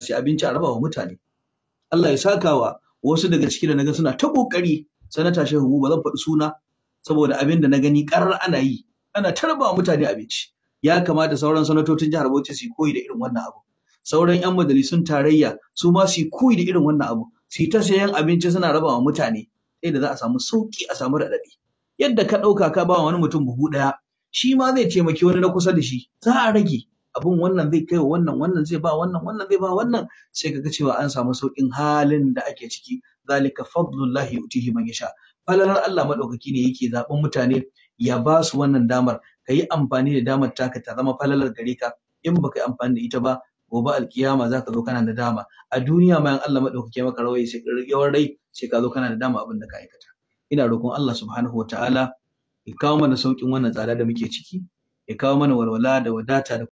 sai abinci a raba wa mutane Allah ya saka wa wasu daga ciki da naga suna ta kokari sanata shehu ba zan faɗi suna saboda abin da na gani karar ana yi ana tarba mutane abinci ya kamata sauran sanatocin jihar Bauchi su koyi da irin wannan abu sauran yan majalisun tarayya su ma su koyi da irin wannan abu su ta sayan abinci suna raba wa mutane sai da za a samu sauki a samu raɗaɗi yadda ka ɗauka ka ba wani mutum buhu ɗaya shi ma zai taimaki wani na kusa da shi za a rage abun wannan zai kai wa wannan wannan zai ba wannan wannan zai ba wannan sai kaga cewa an samu saukin halin da ake ciki zalika fadlullahi yutihi man yasha falalar Allah madaukaki ne yake zaben mutane ya ba su wannan damar ka yi amfani da damar taka ta zama falalar gare ka in baka yi amfani da ita ba gobe alkiyama za ka zo kana da dama a duniya ma in Allah madaukake maka rawai sai yawan rai sai ka zo kana da dama abin da ka aikata ina roƙon Allah subhanahu wataala ya kawo mana saukin wannan tsada da muke ciki ya kawo mana walwala da wadata da